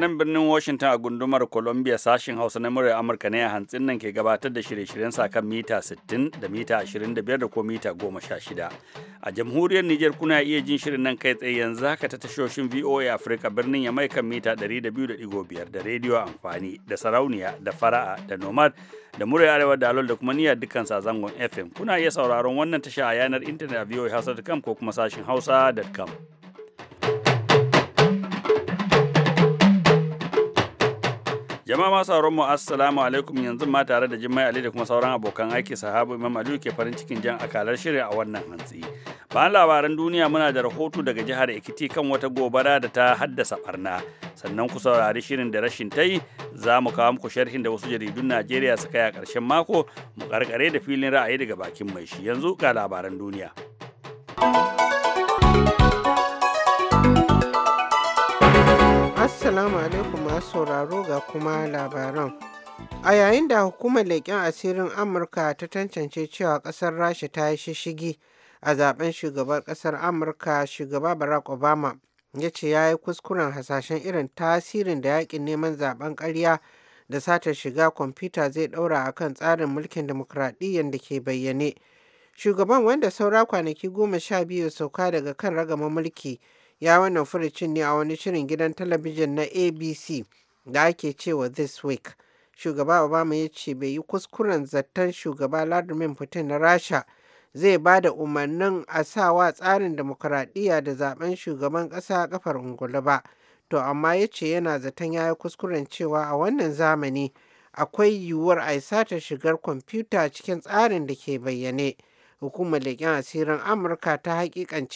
nan birnin Washington a gundumar Columbia sashin Hausa na murar Amurka ne a hantsin nan ke gabatar da shirye-shiryen sa kan mita 60 da mita 25 da ko mita 16. A jamhuriyar Nijar kuna iya jin shirin nan kai tsaye yanzu haka ta tashoshin VOA Africa birnin ya mai kan mita 200.5 da rediyo amfani da sarauniya da fara'a da nomad da murai arewa da alol da kuma niyyar dukkan zangon FM. Kuna iya sauraron wannan tasha a yanar intanet a voahausa.com ko kuma sashin hausa.com. Jama'a masu sauran mu assalamu alaikum yanzu ma tare da jimai Ali da kuma sauran abokan aiki sahabu Imam Aliyu ke farin cikin jan akalar shirin a wannan hantsi. Bayan labaran duniya muna da rahoto daga jihar Ekiti kan wata gobara da ta haddasa barna. Sannan ku saurari shirin da rashin ta yi za mu kawo muku sharhin da wasu jaridun Najeriya suka yi a ƙarshen mako mu karkare da filin ra'ayi daga bakin mai shi. Yanzu ga labaran duniya. Assalamu alaikum masu sauraro ga kuma labaran. A yayin da hukumar leƙen asirin Amurka ta tantance cewa ƙasar Rasha ta yi shishigi a zaben shugaban ƙasar Amurka shugaba Barack Obama ya ce ya yi kuskuren hasashen irin tasirin da yaƙin neman zaben ƙarya da satar shiga kwamfuta zai ɗaura a kan tsarin mulkin dimokuraɗiyyar da ke bayyane. Shugaban wanda saura kwanaki goma sha biyu sauka daga kan ragama mulki ya wannan furucin ne a wani shirin gidan talabijin na abc da ake cewa this week shugaba obama ya ce bai yi kuskuren zaton shugaba vladimir putin na rasha zai ba da umarnin a sawa tsarin demokuraɗiyya da zaben shugaban ƙasa kafar ungulu ba to amma ya ce yana zaton ya yi kuskuren cewa a wannan zamani akwai yiwuwar a sata shigar kwamfuta cikin tsarin da ke bayyane. hukumar leƙen asirin amurka ta a kan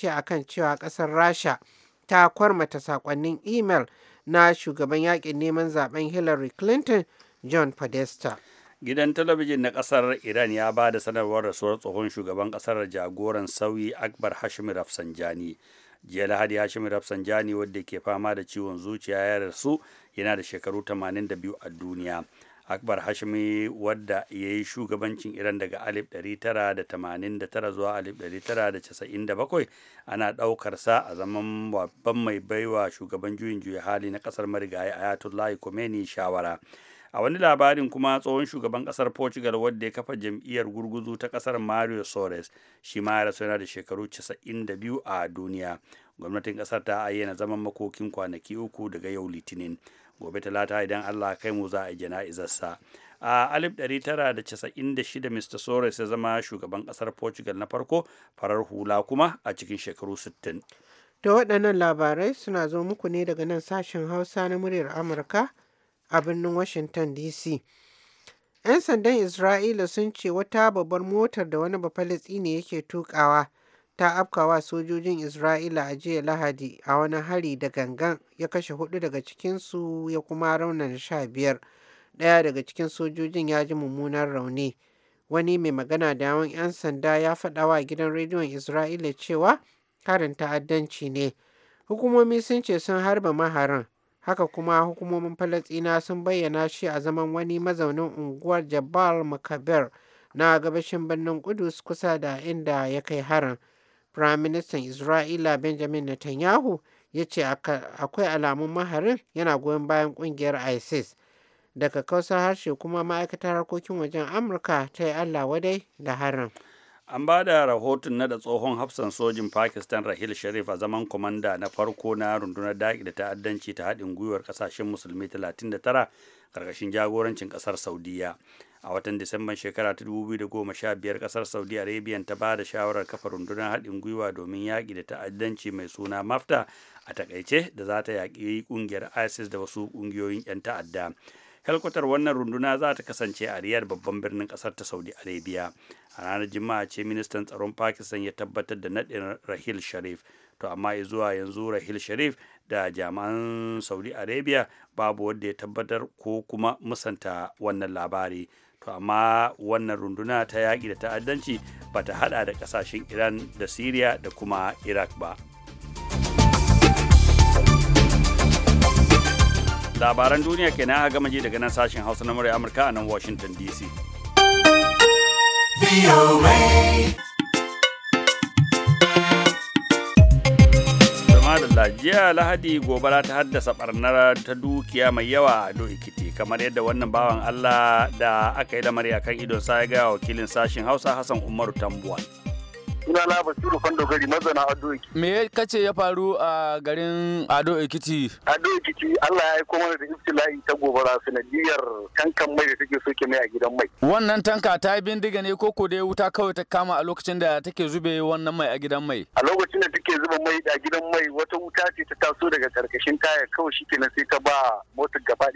cewa ƙasar rasha ta kwarmata sakonnin imel na shugaban yaƙin neman zaben hillary clinton john podesta gidan talabijin na ƙasar iran ya ba da sanarwar rasuwar tsohon shugaban kasar jagoran sauyi akbar hashim rafsanjani jiya lahadi hashim rafsanjani wadda ke fama da ciwon zuciya ya rasu yana da shekaru 82 a duniya akbar hashimi wadda ya yi shugabancin iran daga 1989 zuwa 1997 ana ɗaukarsa a zaman babban mai baiwa shugaban juyin juya hali na ƙasar marigayi ayatollah khomeini shawara a wani labarin kuma tsohon shugaban kasar portugal wadda ya kafa jam'iyyar gurguzu ta kasar mario soares shi ma ya rasu yana da shekaru 92 a duniya gwamnatin kasar ta ayyana zaman makokin kwanaki uku daga yau litinin gobe talata idan allah kai mu za a jana'izarsa a shida mr soros ya zama shugaban ƙasar portugal na farko farar hula kuma a cikin shekaru sittin. da waɗannan labarai suna zo muku ne daga nan sashen hausa na muryar amurka a birnin washington dc 'yan sandan isra'ila sun ce wata babbar motar da wani bafalitsi ne yake tukawa ta afkawa sojojin Isra'ila a jiya Lahadi a wani hari da gangan ya kashe hudu daga cikinsu ya kuma raunar sha biyar. Ɗaya daga cikin sojojin ya ji mummunan rauni. Wani mai magana da yawan 'yan sanda ya faɗa wa gidan rediyon Isra'ila cewa karin ta'addanci ne. Hukumomi sun ce sun harba maharin. Haka kuma hukumomin Falasina sun bayyana shi a zaman wani mazaunin unguwar Jabal Makabir na gabashin birnin Kudus kusa da inda ya kai harin. Firaministan Isra'ila Benjamin Netanyahu ya ce akwai alamun maharin yana goyon bayan kungiyar ISIS. Daga kausar harshe kuma ma'aikatar harkokin wajen Amurka ta yi Allah wadai da harin. An ba da rahoton na da tsohon hafsan sojin Pakistan Rahil Sharif a zaman kwamanda na farko na rundunar daƙi da ta'addanci ta haɗin gwiwar ƙasashen musulmi 39 ƙarƙashin jagorancin ƙasar saudiyya. a watan disamban shekara ta goma sha biyar kasar saudi arabia ta ba da shawarar kafa rundunar haɗin gwiwa domin yaƙi da ta'addanci mai suna mafta a takaice da za ta yaƙi ƙungiyar isis da wasu ƙungiyoyin 'yan ta'adda helkwatar wannan runduna za ta kasance a riyar babban birnin kasar ta saudi arabia a ranar juma'a ce ministan tsaron pakistan ya tabbatar da naɗin rahil sharif to amma zuwa yanzu rahil sharif da jami'an saudi arabia babu wanda ya tabbatar ko kuma musanta wannan labari to amma wannan runduna ta yaƙi da ta'addanci ba ta hada da ƙasashen iran da syria da kuma iraq ba labaran duniya kenan a gama ji daga nan sashen hausa na murya amurka a nan washington dc Allah jiya Lahadi gobara ta haddasa barnar ta dukiya mai yawa a Ikiti kamar yadda wannan bawan Allah da aka yi lamari akan idon sa ya gaya wakilin sashin Hausa Hassan Umaru Tambuwal. Suna na Basiru Fandogari mazana Ado Ekiti. Me kace ya faru a garin Ado Ekiti? Ado Ekiti Allah ya yi mana da iftila'i ta gobara sanadiyar tankan mai da take soke mai a gidan mai. Wannan tanka ta yi bindiga ne ko ko dai wuta kawai ta kama a lokacin da take zube wannan mai a gidan mai? A lokacin da take zuba mai a gidan mai wata wuta ce ta taso daga karkashin taya kawai shi kenan sai ta ba motar gaba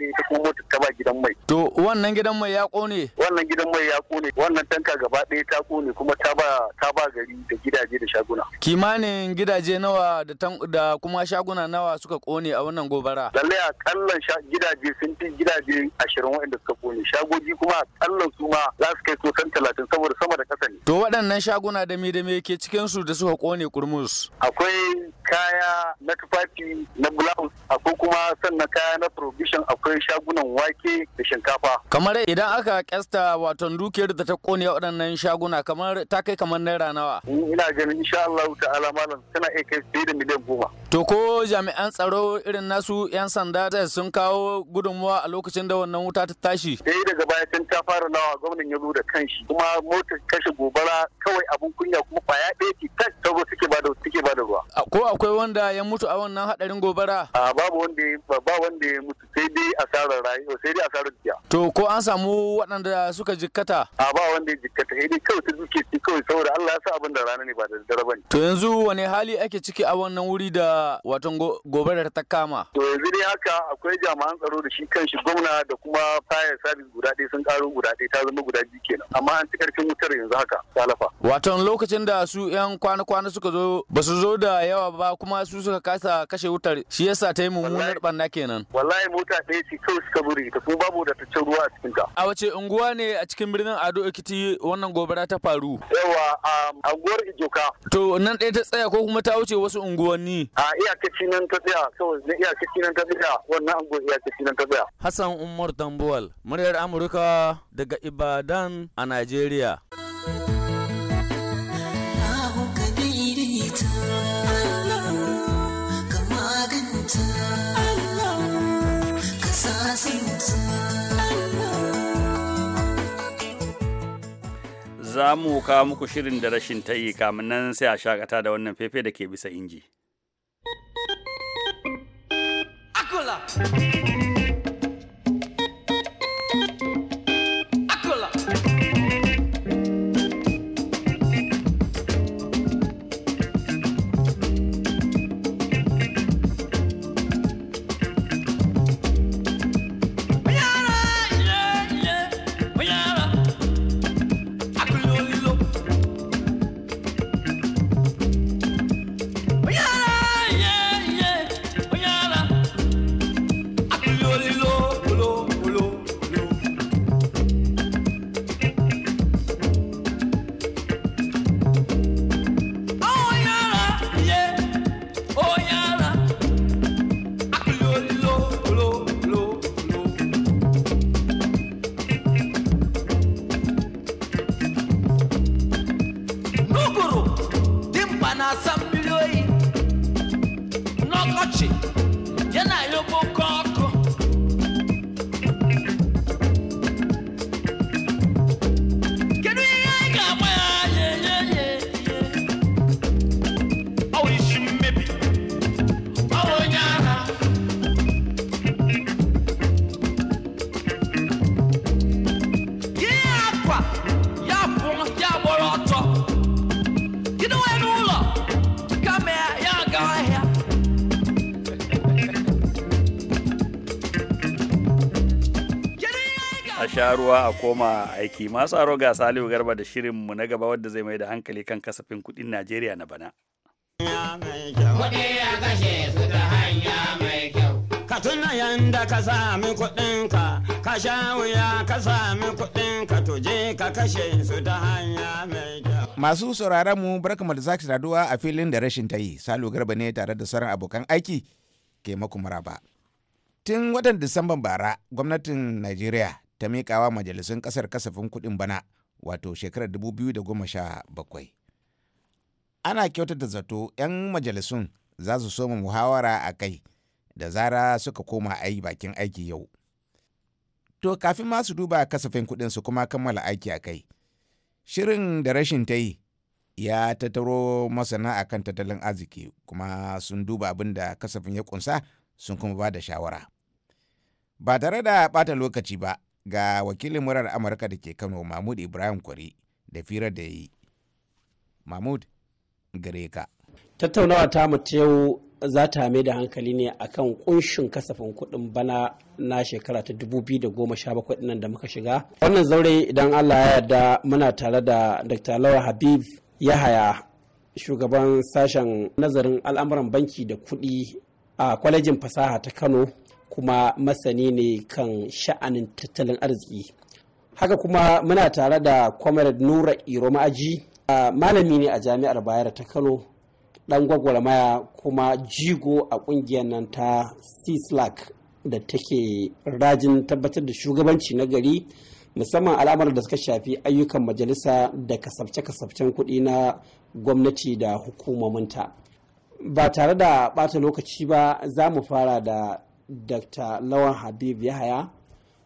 wannan gidan mai ya kone wannan gidan mai ya kone wannan tanka gaba ɗaya ta kone kuma ta ba ta ba gari da gidaje da shaguna kimanin gidaje nawa da da kuma shaguna nawa suka kone a wannan gobara lalle a kallon gidaje sun fi gidaje 20 waɗanda suka kone shagoji kuma a kallon su ma za su kai kan talatin saboda sama da kasa ne to waɗannan shaguna da me da me ke cikin su da suka kone kurmus akwai kaya na tufafi na blouse akwai kuma sannan kaya na provision akwai shagunan wake da shinkafa kamar idan aka kesta watan dukiyar da ta kone waɗannan shaguna kamar ta kai kamar naira nawa ina ganin insha Allah ta'ala malam tana iya kai fiye da miliyan goma to ko jami'an tsaro irin nasu yan sanda sun kawo gudunmuwa a lokacin da wannan wuta ta tashi sai daga baya sun ta fara nawa gwamnan ya zo da kanshi kuma motar kashe gobara kawai abun kunya kuma ya ɗaya ce tas ta suke bada suke ruwa ko a akwai wanda ya mutu a wannan hadarin gobara a babu wanda ya mutu sai dai asarar rayuwa sai dai asarar jiya. to ko an samu waɗanda suka jikkata a ba wanda ya jikkata sai dai kawai ta duke ci kawai saboda Allah ya sa abin da rana ne ba da dare ne. to yanzu wani hali ake ciki a wannan wuri da watan gobarar ta kama to yanzu dai haka akwai jami'an tsaro da shi kanshi gwamna da kuma fire service guda ɗaya sun karo guda ɗaya ta zama guda biyu kenan amma an ci karfin wutar yanzu haka talafa Watan lokacin da su yan kwana-kwana suka zo ba su zo da yawa ba kuma su suka kasa kashe wutar shi yasa ta yi mummunar barna kenan wallahi mota ɗaya ce kawai suka buri ta kuma babu da taccen ruwa a cikinta. a wace unguwa ne a cikin birnin Ado Ekiti wannan gobara ta faru yawa a um, unguwar Ijoka to nan ɗaya ta tsaya ko kuma ta wuce wasu unguwanni a iyakaci nan ta tsaya kawai na iyakaci nan ta tsaya wannan unguwar iyakaci nan ta tsaya Hassan Umar Tambuwal muryar Amurka daga Ibadan a Najeriya za mu kawo muku shirin da rashin tayi kamun nan sai a shakata da wannan fefe da ke bisa inji. Akula! a sha ruwa a koma aiki masu aro ga salihu garba da shirin mu na gaba wadda zai mai da hankali kan kasafin kudin najeriya na bana ka tuna yanda ka sami kuɗinka ka sha wuya ka sami kuɗinka to ka kashe su ta hanya mai kyau masu sauraron mu barkamu da zaki saduwa a filin da rashin ta yi salo garba ne tare da sauran abokan aiki ke maku maraba tun watan disamban bara gwamnatin najeriya ta miƙawa majalisun ƙasar kasafin kuɗin bana wato shekarar 2017 ana kyautata zato 'yan majalisun za su soma muhawara a kai da zara suka koma ai bakin aiki yau to kafin ma su duba kasafin kuɗin su kuma kammala aiki a kai shirin da rashin ta yi ya tattaro masana a kan tattalin arziki kuma sun duba abin da kasafin ya kunsa sun kuma ba da shawara ba tare da ɓata lokaci ba ga wakilin murar amurka da ke kano mahmud ibrahim kwari da firar da yi mahmud gare ka tattaunawa ta yau za ta mai da hankali ne kan kunshin kasafin kuɗin bana na shekara ta 2017 nan da muka shiga wannan zaure idan allah ya yarda muna tare da dr lawa habib yahaya shugaban sashen nazarin al'amuran banki da kuɗi a kwalejin fasaha ta kano kuma masani ne kan sha'anin tattalin arziki haka kuma muna tare da comrade nura iro ma'aji malami ne a jami'ar bayar ta kano dan gwagwarmaya kuma jigo a kungiyar nan ta cislac da take rajin tabbatar da shugabanci na gari musamman al'amuran da suka shafi ayyukan majalisa da kasafce-kasafcen kuɗi na gwamnati da hukumominta ba tare da ɓata lokaci ba za mu fara da dr lawan habib yahaya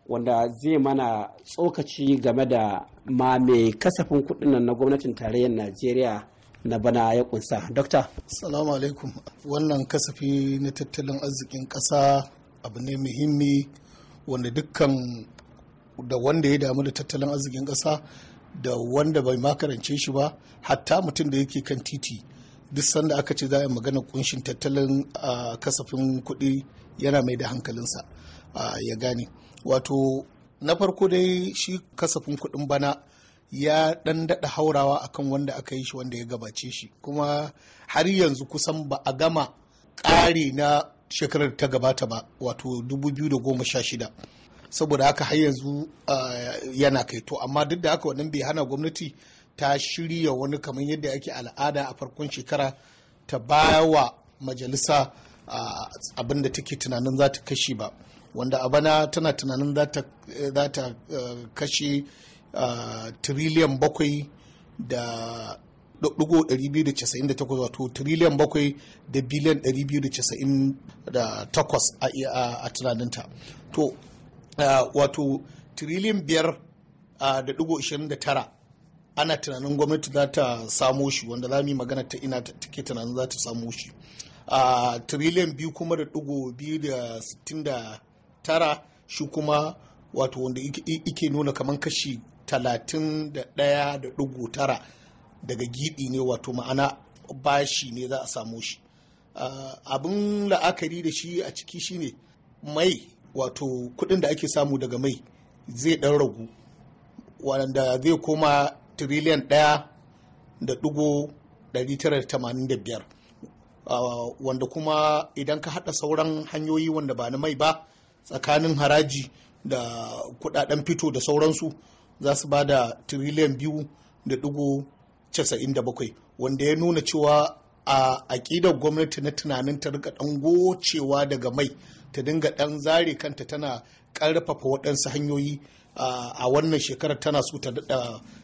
wanda zai mana tsokaci game da ma mai kasafin kudin nan na gwamnatin tarayyar najeriya na bana ya kunsa Dr. salamu alaikum wannan kasafi na tattalin arzikin kasa abu ne muhimmi wanda dukkan da wanda ya damu da tattalin arzikin kasa da wanda bai makarance shi ba hatta mutum da yake kan titi duk sanda aka ce za a yi magana kunshin tattalin ah, kasafin kuɗi yana mai da hankalinsa ya gane wato na farko dai shi kasafin kuɗin bana ya ɗan daɗa haurawa akan wanda aka yi shi wanda ya gabace shi kuma har yanzu kusan ba a gama ƙari na shekarar ta gabata ba wato 2016 saboda haka har yanzu yana kai to amma duk da haka wannan bai hana gwamnati ta shirya wani kamar yadda ake al'ada a farkon shekara ta bawa majalisa abin da take tunanin za ta kashe ba wanda a bana tana tunanin za ta eh, kashe eh, tiriliyan bakwai da ɗigo 298 wato tiriliyan bakwai da biliyan 298 a tunaninta to eh, wato tiriliyan biyar da ɗigo 29 ana tunanin gwamnati za ta samo shi wanda za mu yi magana ta ina take tunanin za ta samo shi a trillion biyu kuma da ɗigo biyu da sittin da tara shi kuma wato wanda ike nuna kamar kashi talatin da ɗaya da dugo tara daga gidi ne wato ma'ana bashi ne za a samo shi abin la'akari da shi a ciki shine mai wato kuɗin da ake samu daga mai zai ɗan ragu wanda zai koma tiriliyan ɗaya da ɗigo wanda kuma idan ka haɗa sauran hanyoyi wanda ba na mai ba tsakanin haraji da kudaden fito da sauransu za su ba da tiriliyan biyu da casa'in da bakwai wanda ya nuna cewa a aƙidar gwamnati na tunanin ta rika ɗan gocewa daga mai ta dinga ɗan zare kanta tana ƙarfafa waɗansu hanyoyi a wannan shekarar tana so ta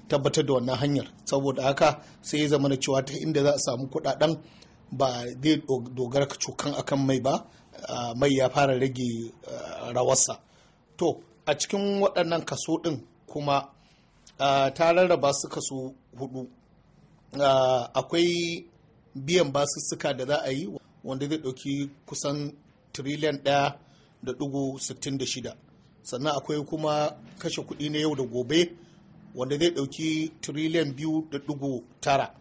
tabbatar da wannan hanyar saboda haka sai ya zama na cewa ta inda za a samu kuɗaɗen ba zai dogara ka cokan akan mai ba mai ya fara rage rawarsa to a cikin waɗannan kaso ɗin kuma ta rarraba su kaso hudu akwai biyan basussuka da za a yi wanda zai ɗauki kusan triliyan ɗaya da ɗigo sittin da shida sannan akwai kuma kashe kuɗi na yau da gobe wanda zai ɗauki triliyan biyu da ɗigo tara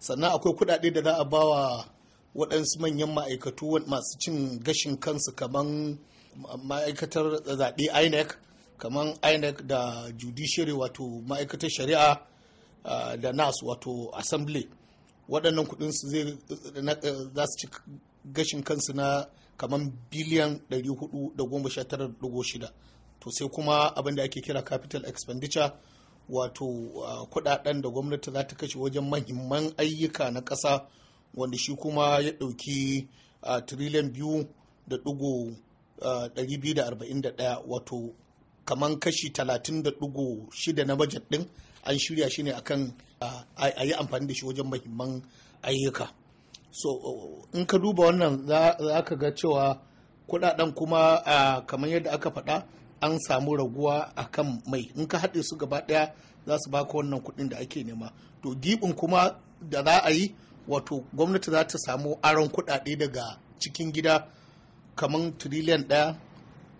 sannan akwai kuɗaɗe da za a bawa waɗansu manyan ma'aikatu masu cin gashin kansu kamar ma'aikatar zaɓe inec kamar inec da judiciary wato ma'aikatar shari'a da nas wato assembly waɗannan kuɗin su zai za su ci gashin kansu na kamar biliyan 419.6 to sai kuma abin da ake kira capital expenditure wato uh, kudaden da gwamnati za ta kashe wajen mahimman ayyuka na ƙasa wanda shi kuma ya ɗauki uh, tiriliyan biyu da uh, wato kaman kashi 30.6 na bajet ɗin an shirya shi ne akan a yi amfani da shi wajen mahimman ayyuka so in ka duba wannan za ka ga cewa kudaden kuma kamar yadda aka faɗa an samu raguwa akan mai in ka haɗe su gaba ɗaya za su baka wannan kuɗin da ake nema to gibin kuma da za a yi wato gwamnati za ta samu aron kuɗaɗe daga cikin gida kamar trillion ɗaya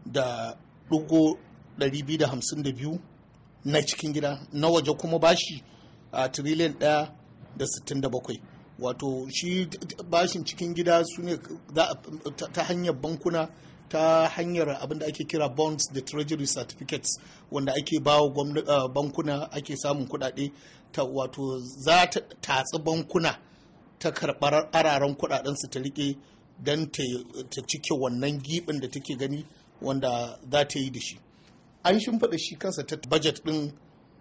da ɗari biyu da hamsin da biyu na cikin gida na waje kuma bashi a trillion ɗaya da sittin da bakwai. wato shi bashin cikin gida su ne ta hanyar bankuna ta hanyar abin da ake kira bonds da treasury certificates wanda ake bawa ah, bankuna ake samun kuɗaɗe ta wato za ta tatsi bankuna ta karɓar araren kudaden su ta riƙe don ta cike wannan giɓin da take gani wanda za ta yi da shi an shimfiɗa shi kansa ta budget ɗin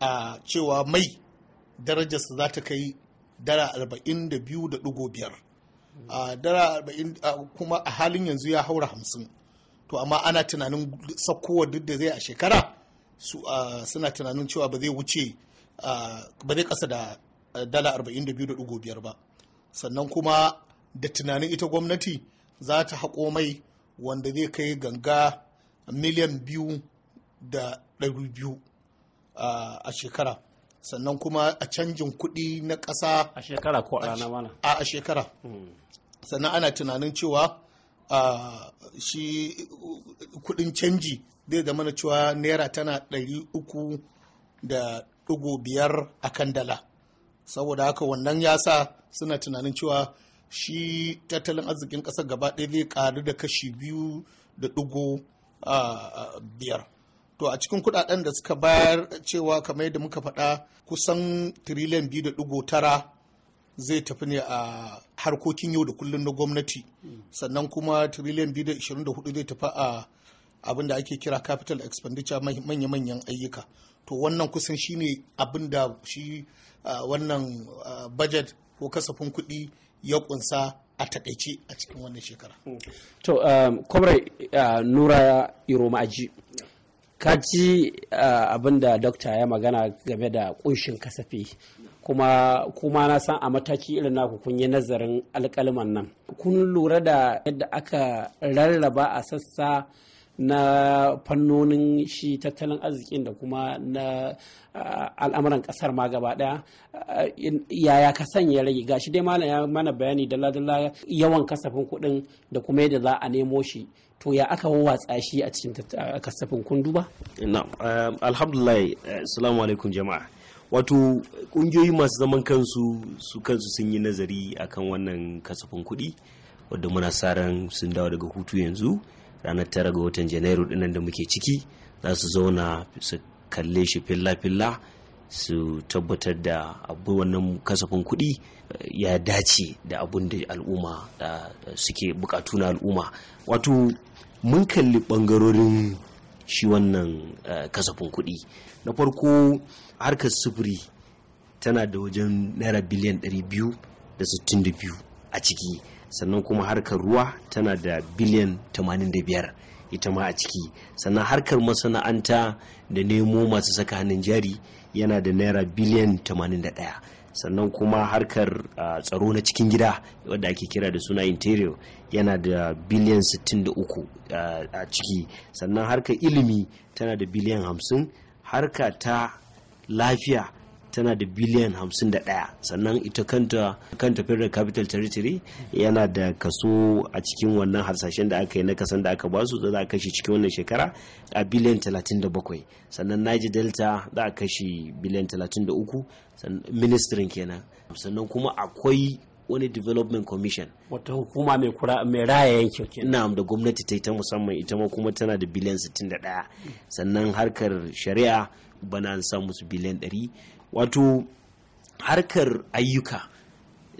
a ah, cewa mai darajarsa za ta kai dara 42.5 biyar. Ah, dara arba'in kuma a halin yanzu ya haura hamsin to amma ana tunanin sakkowa duk da zai a shekara su suna tunanin cewa ba zai wuce ba zai kasa da dala 42.5 ba sannan kuma da tunanin ita gwamnati za ta haƙo mai wanda zai kai ganga miliyan biyu da ɗari biyu a shekara sannan kuma a canjin kuɗi na ƙasa a shekara ko a rana mana a shekara hmm. sannan ana tunanin cewa shi kudin canji zai zama na cewa naira tana ɗari uku da ɗigo biyar a kan dala saboda haka wannan ya sa suna tunanin cewa shi tattalin arzikin ƙasa gaba ɗaya zai ƙaru da kashi biyu da ɗigo biyar to a cikin kudaden da suka bayar cewa kamar yadda muka faɗa kusan tiriliyan biyu da ɗigo tara zai tafi ne a harkokin yau da kullum na gwamnati sannan kuma trillion 224 zai tafi a abin da ake kira capital expenditure manya-manyan ayyuka to wannan kusan shine abin da shi wannan budget ko kasafin kuɗi ya kunsa a takaice a cikin wannan shekara. to um, comrade uh, nura iroma aji ka ji uh, abin da dokta ya magana game da kunshin kasafi kuma kuma na san a mataki irin naku kun yi nazarin alkalman nan kun lura da yadda aka rarraba a sassa na fannonin shi tattalin arzikin da kuma na al'amuran kasar ma gaba daya yaya ka sanya rage gashi dai malam ya mana bayani dala dala yawan kasafin kuɗin da kuma yadda za a nemo shi to ya aka wawatsa shi a cikin kasafin kun duba? alhamdulillah eh, assalamu alaikum jama'a wato kungiyoyi masu zaman kansu su kansu sun yi nazari akan wannan kasafin kuɗi wadda muna sa ran sun dawo daga hutu yanzu ranar tara ga watan janairu dinnan da muke ciki za su zauna su kalle shi filla-filla su tabbatar da abu wannan kasafin kuɗi eh, ya dace da abun da al'umma eh, suke bukatu na al'umma wato mun kalli ɓangarorin shi wannan eh, kasafin kuɗi na farko harkar sufuri tana da wajen naira biliyan 262 a ciki sannan kuma harkar ruwa tana da biliyan 85 ita ma a ciki sannan harkar masana'anta da nemo masu saka hannun jari yana da naira biliyan 81 sannan kuma harkar tsaro na cikin gida wadda ake kira da suna interior yana da biliyan 63 a ciki sannan harkar ilimi tana da biliyan 50 harka ta lafiya tana da biliyan 51 sannan ita kanta kanta federal capital territory yana da kaso a cikin wannan harsashen da aka yi na kasan da aka ba su za a kashe cikin wannan shekara a biliyan 37 sannan niger delta za a kashe biliyan 33 ministrin kenan sannan kuma akwai wani development commission wata hukuma mai kura mai raya yankin kenan na'am da gwamnati ta ta musamman ita ma kuma tana da biliyan 61 sannan harkar shari'a bana an sa musu biliyan wato harkar ayyuka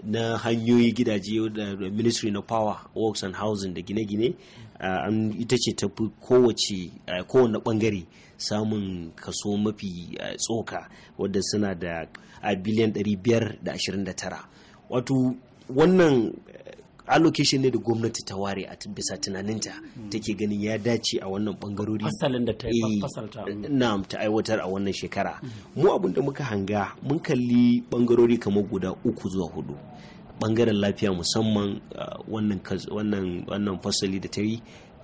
na hanyoyi gidaje da ministry na power works and housing da gine-gine uh, an ita ce ta fi kowace uh, kowane bangare samun kaso mafi uh, tsoka wadda suna da biliyan 529 wato wannan allocation ne da gwamnati ta ware a bisa tunaninta take ganin ya dace a wannan bangarori fasalin da ta yi eh, na'am ta aiwatar a wannan shekara mu abin da muka hanga mun kalli bangarori kamar guda uku zuwa hudu bangaren lafiya musamman ah, wannan fasali da ta yi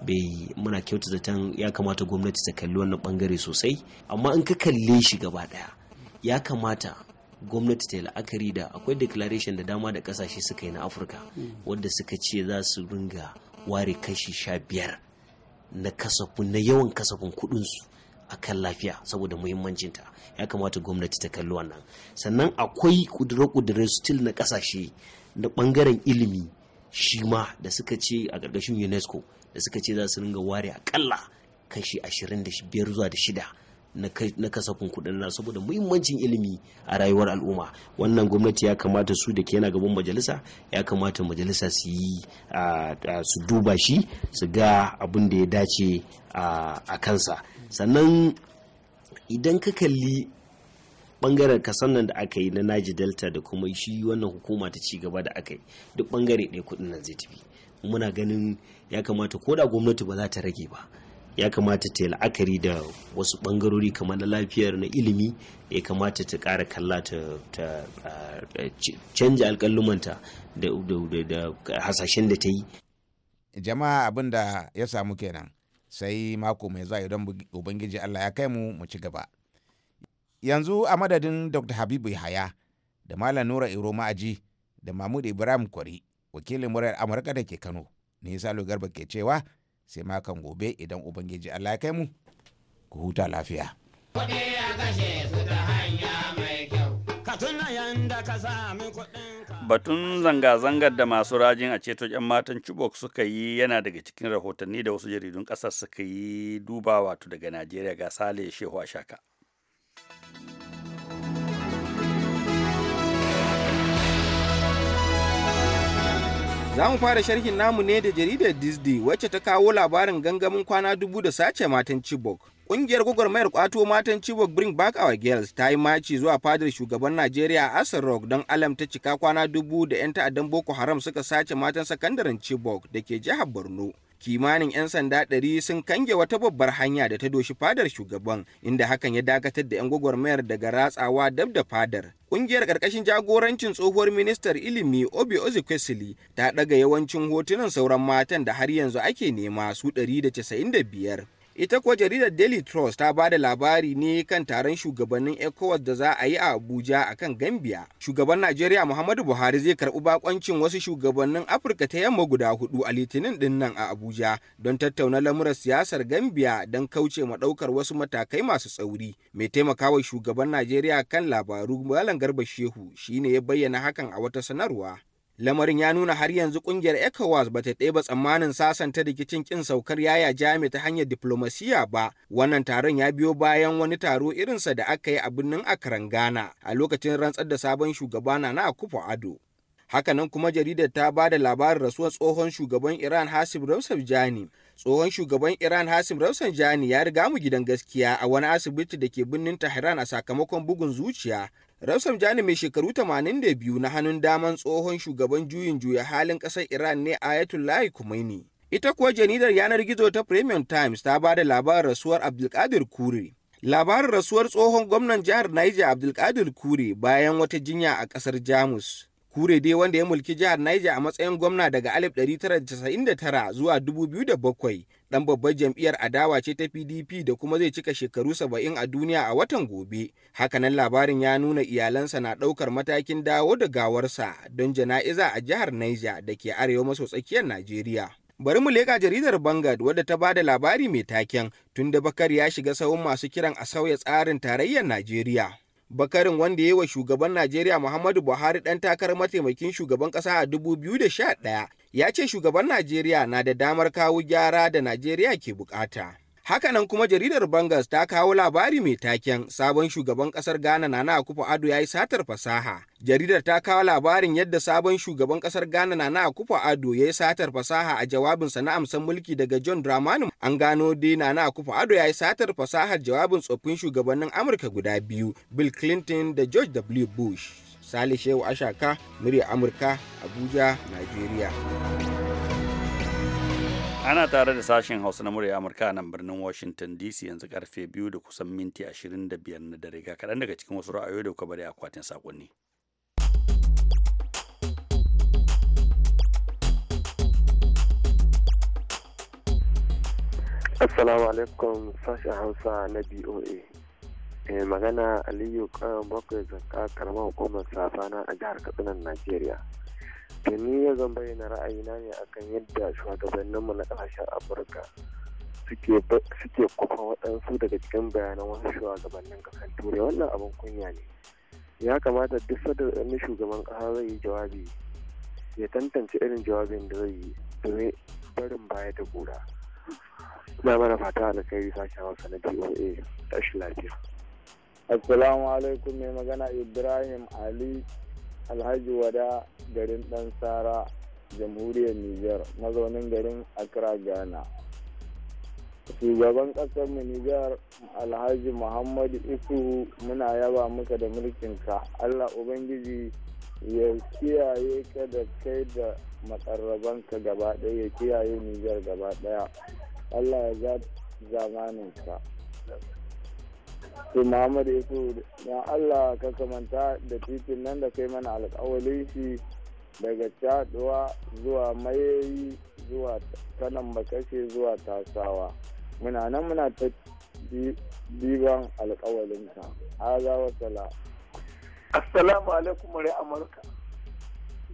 bai muna kyauta zaton ya kamata gwamnati ta kalli wannan bangare sosai amma in ka kalle shi gaba daya ya kamata gwamnati ta yi la'akari da akwai declaration da dama da kasashe suka yi na afirka wadda suka ce za su ringa ware kashi sha biyar na kasafin na yawan kasafin kudinsu a kan lafiya saboda muhimmancinta ya kamata gwamnati ta kalli wannan sannan akwai kudure-kudure still na kasashe na bangaren ilimi shi ma da suka ce a ƙarƙashin unesco da suka ce za su ringa ware akalla kashi ashirin da biyar zuwa da shida na kasafin kuɗin na saboda muhimmancin ilimi a rayuwar al'umma wannan gwamnati ya kamata su da ke yana gaban majalisa ya kamata majalisa su yi su duba shi su ga abin da ya dace a kansa sannan idan ka kalli bangaren kasan nan da aka yi na naji delta da kuma shi wannan hukuma ta ci gaba da aka yi duk bangare ɗaya kuɗin nan zai tafi muna ganin ya kamata ko da gwamnati ba za ta rage ba ya kamata ta yi la'akari da wasu bangarori kamar na lafiyar na ilimi ya kamata ta ƙara kalla ta canja alƙallumanta da hasashen da ta yi jama'a abin da ya samu kenan sai mako mai zuwa don ubangiji allah ya kai mu mu ci gaba yanzu a madadin dr habibu haya da malam nura iro ma'aji da mahmud ibrahim kwari wakilin murar amurka da ke kano ni salo garba ke cewa sai makan gobe idan ubangiji allah ya kai mu ku huta lafiya kuɗi batun zanga-zangar da masu rajin a ceto 'yan matan chibok suka yi yana daga cikin rahotanni da wasu jaridun kasar suka yi duba wato daga najeriya ga sale shehu a shaka. Za mu fara sharhin namu ne da jaridar Disney wacce ta kawo labarin gangamin kwana dubu da sace matan Chibok. Kungiyar gwagwarmayar kwato matan Chibok Bring Back Our Girls ta yi maci zuwa fadar shugaban Najeriya Asar Rock don alam ta cika kwana dubu da 'yan ta'addan Boko Haram suka sace matan sakandaren Chibok da ke jihar Borno. kimanin 'yan sanda ɗari sun kange wata babbar hanya da ta doshi fadar shugaban inda hakan ya dakatar da 'yan gwagwarmayar daga ratsawa dab da fadar Ƙungiyar ƙarƙashin jagorancin tsohuwar ministar ilimi Obi Ozekwesili ta ɗaga yawancin hotunan sauran matan da har yanzu ake nema su 195. Ita kuwa jaridar Daily Trust ta ba da labari ne kan taron shugabannin ECOWAS da za a yi a Abuja a kan Gambia. Shugaban Najeriya Muhammadu Buhari zai karɓi bakoncin wasu shugabannin Afirka ta yamma guda hudu a Litinin din nan a Abuja don tattauna lamuran siyasar Gambia don kauce ma ɗaukar wasu matakai masu tsauri. Mai taimakawa shugaban Najeriya kan labaru Malam Garba Shehu shine ya bayyana hakan a wata sanarwa. Lamarin ya nuna har yanzu kungiyar ECOWAS ba ta ɗeba tsammanin sasanta rikicin kin saukar yaya jami ta hanyar diplomasiya ba. Wannan taron ya biyo bayan wani taro irinsa da aka yi a birnin Akran Ghana a lokacin rantsar da sabon shugaba na na Akufo Ado. Hakanan kuma jaridar ta ba da labarin rasuwar tsohon shugaban Iran Hasib jani tsohon shugaban iran hasim rafsanjani ya riga mu gidan gaskiya a wani asibiti da ke birnin tehran a sakamakon bugun zuciya rausa-jani mai shekaru 82 na hannun daman tsohon shugaban juyin juya halin ƙasar iran ne a ayatollah kumaini ita kuwa jaridar yanar gizo ta premium times ta ba da labarin rasuwar abdulkadir kure labarin rasuwar tsohon gwamnan jihar niger abdulkadir kure bayan wata jinya a ƙasar jamus Kure dai wanda ya mulki jihar Niger a matsayin gwamna daga 1999 zuwa 2007 dan babbar jam'iyyar adawa ce ta PDP da kuma zai cika shekaru 70 a duniya a watan gobe. Hakanan labarin ya nuna iyalansa na ɗaukar matakin dawo da gawarsa don jana'iza a jihar Niger da ke arewa maso tsakiyar Najeriya. Bari mu leƙa jaridar Bangad wadda ta ba da labari mai taken tunda Bakar ya shiga sahun masu kiran a sauya tsarin tarayyar Najeriya. Bakarin wanda ya yi wa shugaban Najeriya Muhammadu Buhari ɗan takarar mataimakin shugaban ƙasa a 2011 ya ce shugaban Najeriya na da damar kawo gyara da Najeriya ke buƙata. Hakanan kuma jaridar Bangas ta kawo labari mai taken sabon shugaban kasar Ghana Nana Akufo Ado ya yi satar fasaha. Jaridar ta kawo labarin yadda sabon shugaban kasar Ghana Nana Akufo Ado ya yi satar fasaha a jawabinsa na amsan mulki daga John Dramani. An gano dai Nana Akufo Ado ya yi satar fasahar jawabin tsoffin shugabannin Amurka guda biyu, Bill Clinton da George W. Bush. Sale Shehu Ashaka, murya Amurka, Abuja, Najeriya. Ana tare da sashen Hausa na murya Amurka nan birnin Washington DC yanzu karfe biyu da kusan minti 25 na dare ga kaɗan daga cikin wasu ra'ayoyi da kuka bari akwatin sakonni. Assalamu alaikum sashen Hausa na BOA. Eh, magana Aliyu Kan eh, Bakwai Zanka karamar hukumar Safana a jihar katsinan Najeriya. to ni zan bayyana ra'ayina ne akan yadda shugabanninmu na ƙasashen afirka suke kufa waɗansu daga cikin bayanan wasu shugabannin ƙasar turai wannan abin kunya ne ya kamata duk sada wani shugaban ƙasa zai yi jawabi ya tantance irin jawabin da zai yi domin barin baya da gora na mana fata alkhairi sashen hausa na doa tashi lafiya assalamu alaikum mai magana ibrahim ali alhaji wada garin dan sara jamhuriyar niger mazaunin garin accra ghana shugaban kasar mu niger alhaji muhammadu isuhu muna yaba muka da mulkin ka allah ubangiji ya kiyaye ka da kai da ka gaba ɗaya ya kiyaye niger gaba daya allah ya zamaninka to muhammad yasu allah ka kamanta da titin nan da kai mana alƙawalin shi daga caduwa zuwa mayayi zuwa kanan bakashe zuwa tasawa muna nan muna ta diban alkawalinka haza wa assalamu alaikum rai amurka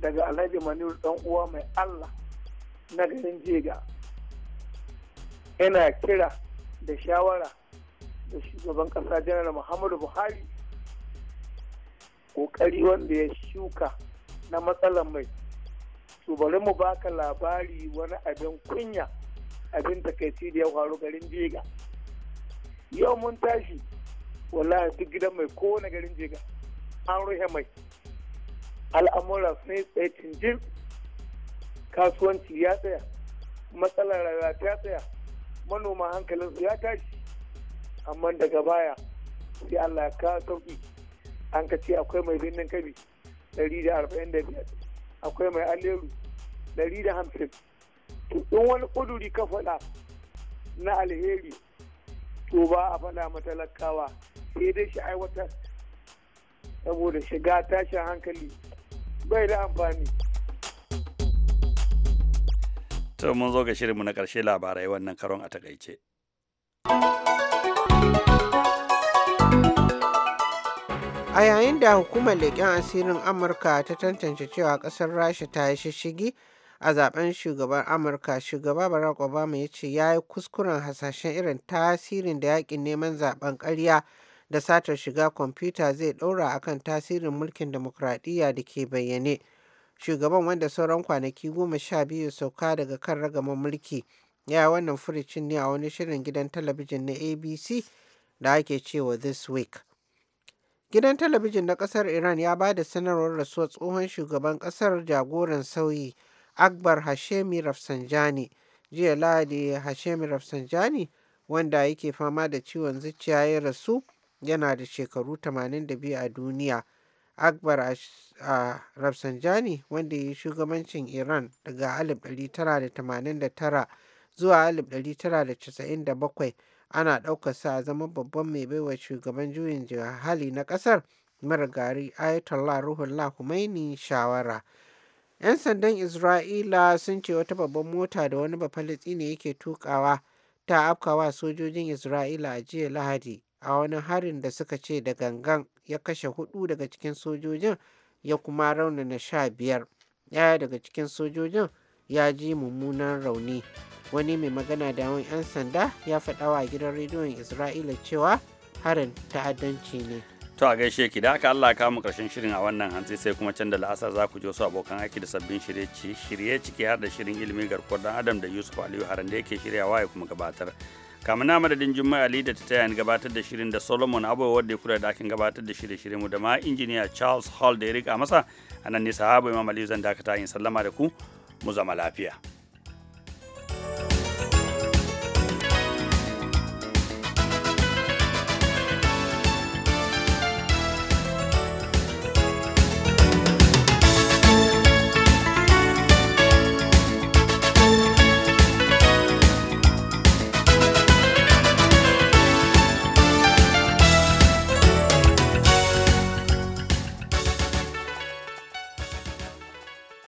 daga alhaji maniru dan uwa mai allah na garin jega ina kira da shawara da shugaban kasa janar muhammadu buhari kokari wanda ya shuka na matsalar mai su bari mu baka labari wani abin kunya abin takaici da ya faru garin jega yau mun tashi wala duk gidan mai kowane garin jega an ruhe mai al'amura sun tsaye cinjin kasuwanci ya tsaya matsalar rayuwa ta tsaya manoma hankalinsu ya tashi amma daga baya sai Allah ka sauki an ka ce akwai mai birnin kabi 145 akwai mai aleru 150 to in wani kuduri ka faɗa na alheri to ba a faɗa matalakawa sai dai shi aiwatar saboda shiga tashin hankali bai da amfani to mun zo ga shirinmu na ƙarshe labarai wannan karon a takaice. a yayin da hukumar leƙen asirin amurka ta tantance cewa ƙasar rasha ta yi shishigi a zaben shugaban amurka shugaba barack obama ya ce ya yi kuskuren hasashen irin tasirin da yakin neman zaben karya da satar shiga kwamfuta zai ɗaura a kan tasirin mulkin demokuraɗiyya da ke bayyane shugaban wanda sauran kwanaki goma sha biyu sauka daga kan ragaman mulki ya yi wannan furicin ne a wani shirin gidan talabijin na abc da ake cewa this week Gidan talabijin na ƙasar Iran ya ba da sanarwar rasuwar tsohon shugaban ƙasar jagoran sauyi Akbar Hashemi Rafsanjani. Jiya Lahadi Hashemi Rafsanjani wanda yake fama da ciwon zuciya ya rasu yana da shekaru 82 a duniya. Akbar Rafsanjani wanda ya yi shugabancin Iran daga 1989 zuwa 1997 ana ɗaukarsa a zama babban mai baiwa shugaban juyin hali na ƙasar mara gari ayatollah ruhullah Khomeini shawara 'yan sandan isra'ila sun ce wata babban mota da wani ne yake tukawa ta afkawa sojojin isra'ila a jiya lahadi a wani harin da suka ce da gangan ya kashe hudu daga cikin sojojin ya kuma na sha biyar yaya daga cikin sojojin ya ji mummunan rauni wani mai magana da yawan 'yan sanda ya faɗa wa gidan rediyon isra'ila cewa harin ta'addanci ne to a gaishe ki da haka allah ka mu karshen shirin a wannan hantsi sai kuma can da la'asar za ku je su abokan aiki da sabbin shirye ciki har da shirin ilimin garkuwar dan adam da yusuf aliyu harin da yake shiryawa ya kuma gabatar kamar na madadin jummai ali da ta tayani gabatar da shirin da solomon abubuwa wadda ya kula da akin gabatar da shirye shirye mu da ma injiniya charles hall da ya rika masa a nan ne habu imam aliyu zan dakata yin sallama da ku mu zama lafiya.